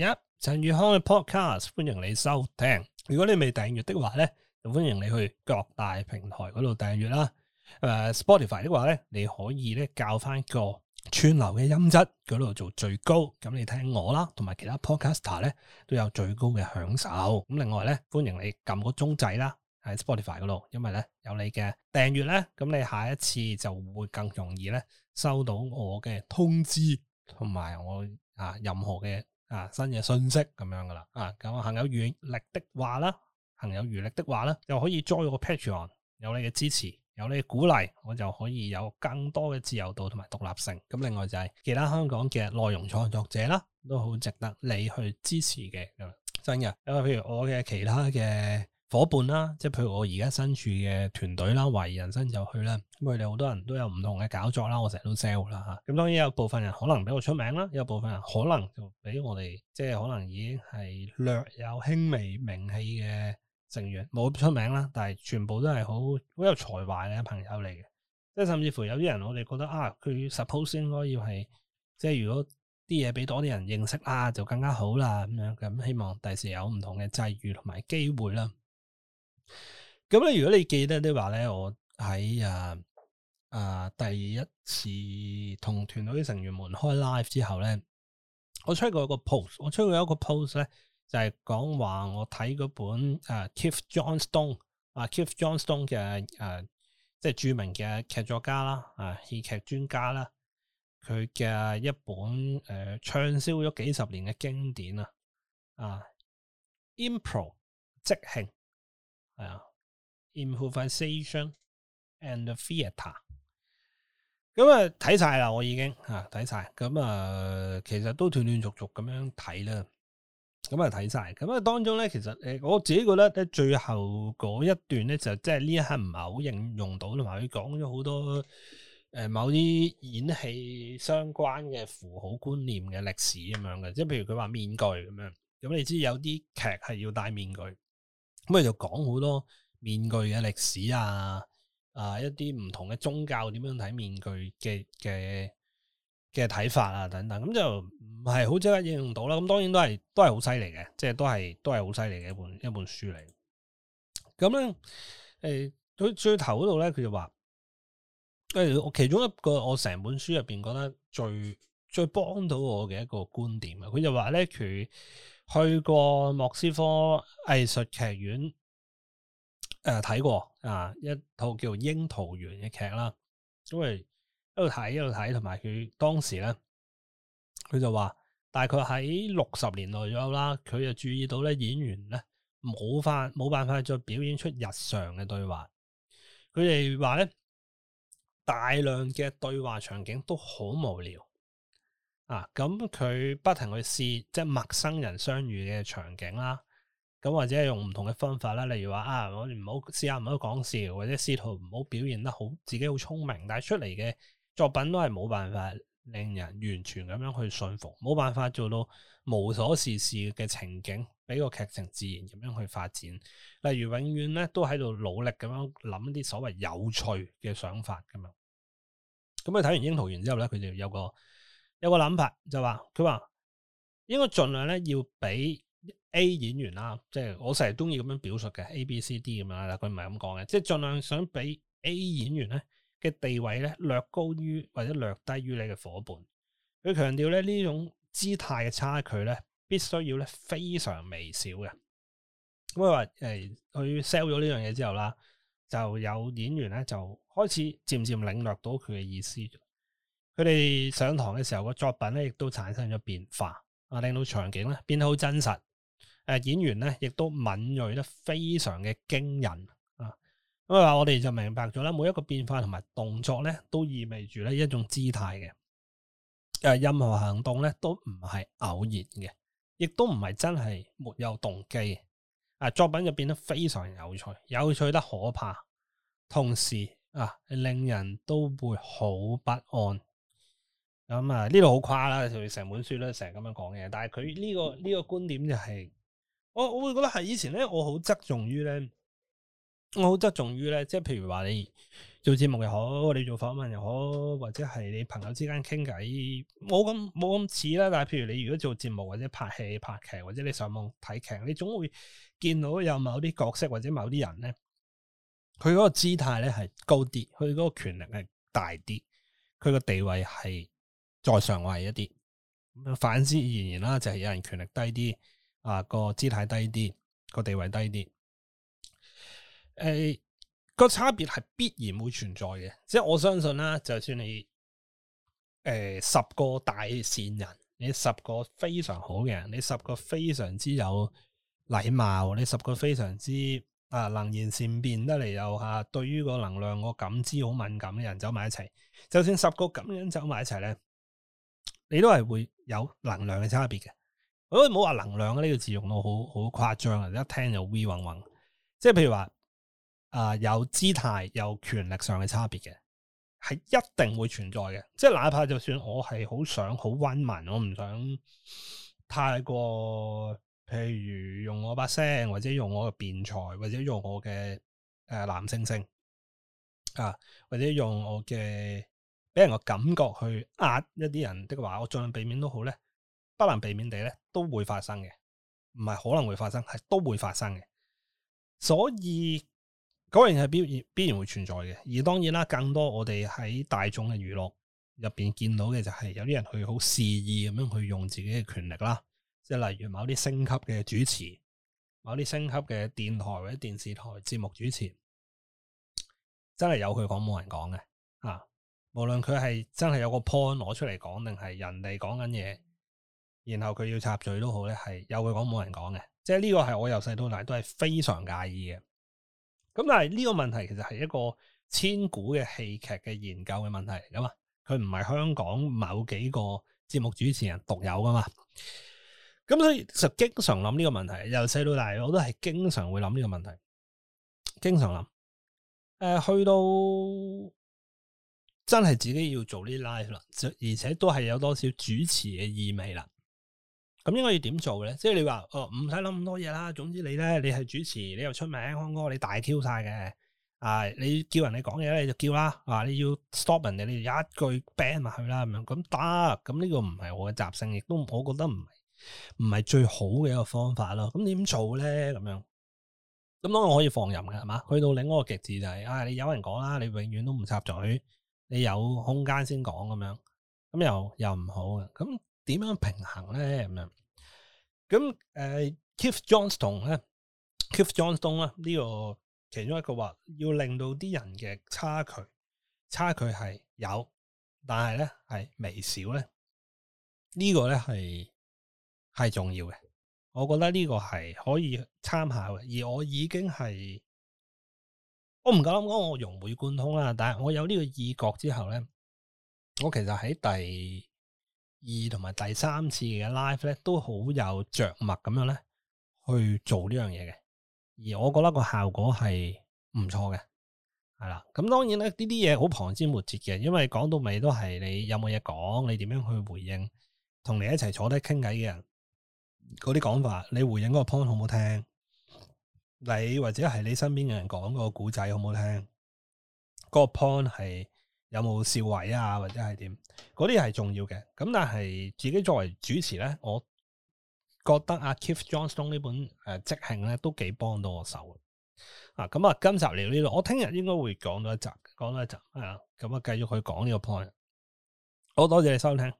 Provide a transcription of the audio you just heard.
一陳宇康嘅 podcast，歡迎你收聽。如果你未訂閱的話呢，就歡迎你去各大平台嗰度訂閱啦。誒，uh，Spotify 的話呢，你可以咧校翻個串流嘅音質嗰度做最高。咁你聽我啦，同埋其他 podcaster 咧都有最高嘅享受。另外呢，歡迎你撳個鐘仔啦喺 Spotify 嗰度，因為呢，有你嘅訂閱呢，咁你下一次就會更容易呢，收到我嘅通知同埋我啊任何嘅。啊！新嘅信息咁樣㗎啦，啊咁行有餘力的話啦，行有餘力的話啦，又可以 join 我 Patreon，有你嘅支持，有你嘅鼓勵，我就可以有更多嘅自由度同埋獨立性。咁、啊、另外就係、是、其他香港嘅內容創作者啦，都好值得你去支持嘅。真嘅的，因為譬如我嘅其他嘅。夥伴啦，即係譬如我而家身處嘅團隊啦，懷疑人生就去啦，咁佢哋好多人都有唔同嘅搞作啦，我成日都 sell 啦嚇。咁當然有部分人可能比我出名啦，有部分人可能就比我哋即係可能已經係略有輕微名氣嘅成員，冇出名啦，但係全部都係好好有才華嘅朋友嚟嘅。即係甚至乎有啲人我哋覺得啊，佢 suppose 應該要係即係如果啲嘢俾多啲人認識啊，就更加好啦咁樣。咁希望第時有唔同嘅際遇同埋機會啦。咁咧，如果你記得的話咧，我喺誒誒第一次同團隊成員們開 live 之後咧，我出過一個 post，我出過一個 post 咧，就係講話我睇嗰本誒、呃、Keith Johnstone，啊 Keith Johnstone 嘅誒、呃、即係著名嘅劇作家啦，啊戲劇專家啦，佢嘅一本誒暢、呃、銷咗幾十年嘅經典啦，啊 impro 即興。係啊，improvisation and theatre。咁啊，睇晒啦，我已經吓睇晒。咁啊、嗯，其實都斷斷續續咁樣睇啦。咁啊，睇晒。咁啊，當中咧，其實誒、呃，我自己覺得咧，最後嗰一段咧，就即係呢一刻唔係好應用到，同埋佢講咗好多誒、呃，某啲演戲相關嘅符號觀念嘅歷史咁樣嘅，即係譬如佢話面具咁樣。咁、嗯、你知有啲劇係要戴面具。咁佢就講好多面具嘅歷史啊，啊，一啲唔同嘅宗教點樣睇面具嘅嘅嘅睇法啊等等，咁、嗯、就唔係好即刻應用到啦。咁、嗯、當然都係都係好犀利嘅，即係都係都係好犀利嘅一本一本書嚟。咁、嗯、咧，誒、嗯、佢最頭嗰度咧，佢就話誒，我其中一個我成本書入邊覺得最最幫到我嘅一個觀點啊，佢就話咧佢。去過莫斯科藝術劇院誒睇、呃、過啊，一套叫《櫻桃園》嘅劇啦，因為一路睇一路睇，同埋佢當時咧，佢就話大概喺六十年代左右啦，佢就注意到咧演員咧冇法冇辦法再表演出日常嘅對話，佢哋話咧大量嘅對話場景都好無聊。啊，咁佢不停去試，即係陌生人相遇嘅場景啦，咁、啊、或者係用唔同嘅方法啦，例如話啊，我哋唔好試下唔好講笑，或者試圖唔好表現得好自己好聰明，但係出嚟嘅作品都係冇辦法令人完全咁樣去信服，冇辦法做到無所事事嘅情景，俾個劇情自然咁樣去發展。例如永遠咧都喺度努力咁樣諗一啲所謂有趣嘅想法咁樣。咁佢睇完櫻桃園之後咧，佢就有個。有個諗法就話，佢話應該盡量咧要俾 A 演員啦，即係我成日中意咁樣表述嘅 A、B、C、D 咁樣啦。佢唔係咁講嘅，即係盡量想俾 A 演員咧嘅地位咧略高於或者略低於你嘅伙伴。佢強調咧呢種姿態嘅差距咧必須要咧非常微小嘅。咁佢話誒，佢 sell 咗呢樣嘢之後啦，就有演員咧就開始漸漸領略到佢嘅意思。佢哋上堂嘅時候個作品咧，亦都產生咗變化，啊，令到場景咧變得好真實，誒、呃，演員咧亦都敏銳得非常嘅驚人，啊，咁啊，我哋就明白咗啦，每一個變化同埋動作咧，都意味住咧一種姿態嘅，誒、啊，任何行動咧都唔係偶然嘅，亦都唔係真係沒有動機，啊，作品就變得非常有趣，有趣得可怕，同時啊，令人都會好不安。咁啊，呢度好誇啦，佢成本書咧，成日咁樣講嘅。但係佢呢個呢個觀點就係，我我會覺得係以前咧，我好側重於咧，我好側重於咧，即係譬如話你做節目又好，你做訪問又好，或者係你朋友之間傾偈，冇咁冇咁似啦。但係譬如你如果做節目或者拍戲拍劇，或者你上網睇劇，你總會見到有某啲角色或者某啲人咧，佢嗰個姿態咧係高啲，佢嗰個權力係大啲，佢個地位係。再上位一啲，反之而言啦，就係有人權力低啲，啊，個姿態低啲，個地位低啲，誒、欸、個差別係必然會存在嘅。即係我相信啦、啊，就算你誒、欸、十個大善人，你十個非常好嘅人，你十個非常之有禮貌，你十個非常之啊能言善辯得嚟又吓，對於個能量我、那個、感知好敏感嘅人走埋一齊，就算十個咁樣走埋一齊咧。你都係會有能量嘅差別嘅，我都冇話能量啊呢、呢個字用到好好誇張啊！一聽就 v 混混，即係譬如話啊、呃、有姿態、有權力上嘅差別嘅，係一定會存在嘅。即係哪怕就算我係好想好溫文，我唔想太過，譬如用我把聲，或者用我嘅辯才，或者用我嘅誒、呃、男性聲啊，或者用我嘅。俾人個感覺去壓一啲人的話，我盡量避免都好咧，不能避免地咧都會發生嘅，唔係可能會發生，係都會發生嘅。所以嗰樣嘢係必然必然會存在嘅。而當然啦，更多我哋喺大眾嘅娛樂入邊見到嘅就係有啲人去好肆意咁樣去用自己嘅權力啦，即係例如某啲星級嘅主持，某啲星級嘅電台或者電視台節目主持，真係有佢講冇人講嘅啊！無論佢係真係有個 point 攞出嚟講，定係人哋講緊嘢，然後佢要插嘴都好咧，係有佢講冇人講嘅，即係呢個係我由細到大都係非常介意嘅。咁但係呢個問題其實係一個千古嘅戲劇嘅研究嘅問題嚟噶嘛？佢唔係香港某幾個節目主持人獨有噶嘛？咁所以就經常諗呢個問題，由細到大我都係經常會諗呢個問題，經常諗。誒、呃，去到。真係自己要做呢啲 live 啦，而且都係有多少主持嘅意味啦。咁應該要點做咧？即係你話哦，唔使諗咁多嘢啦。總之你咧，你係主持，你又出名，康哥你大 Q 晒嘅。啊，你叫人哋講嘢咧，你就叫啦。啊，你要 stop 人哋，你就一句 ban 埋去啦咁樣，咁得？咁呢個唔係我嘅習性，亦都我覺得唔係唔係最好嘅一個方法咯。咁點做咧？咁樣咁當我可以放任嘅，係嘛？去到另一個極致就係、是，啊、哎，你有人講啦，你永遠都唔插嘴。你有空間先講咁樣，咁又又唔好嘅，咁點樣平衡咧？咁樣，咁、呃、誒，Keith Johnston 咧，Keith Johnston 咧，呢個其中一個話，要令到啲人嘅差距差距係有，但係咧係微少。咧、這個，呢個咧係係重要嘅，我覺得呢個係可以參考嘅，而我已經係。我唔夠膽講，我融會貫通啦。但係我有呢個意覺之後咧，我其實喺第二同埋第三次嘅 live 咧，都好有着墨咁樣咧去做呢樣嘢嘅。而我覺得個效果係唔錯嘅，係啦。咁當然咧，呢啲嘢好旁枝末節嘅，因為講到尾都係你有冇嘢講，你點樣去回應，同你一齊坐低傾偈嘅人嗰啲講法，你回應嗰個 point 好唔好聽？你或者係你身邊嘅人講個古仔好唔好聽，嗰、嗰個 point 係有冇笑位啊？或者係點，嗰啲係重要嘅。咁但係自己作為主持咧，我覺得阿、啊、Keith Johnstone 呢本誒即興咧都幾幫到我手啊。咁啊，今集聊到呢度，我聽日應該會講到，到一集，講到一集啊。咁、嗯、啊，繼續去講呢個 point。好多謝你收聽。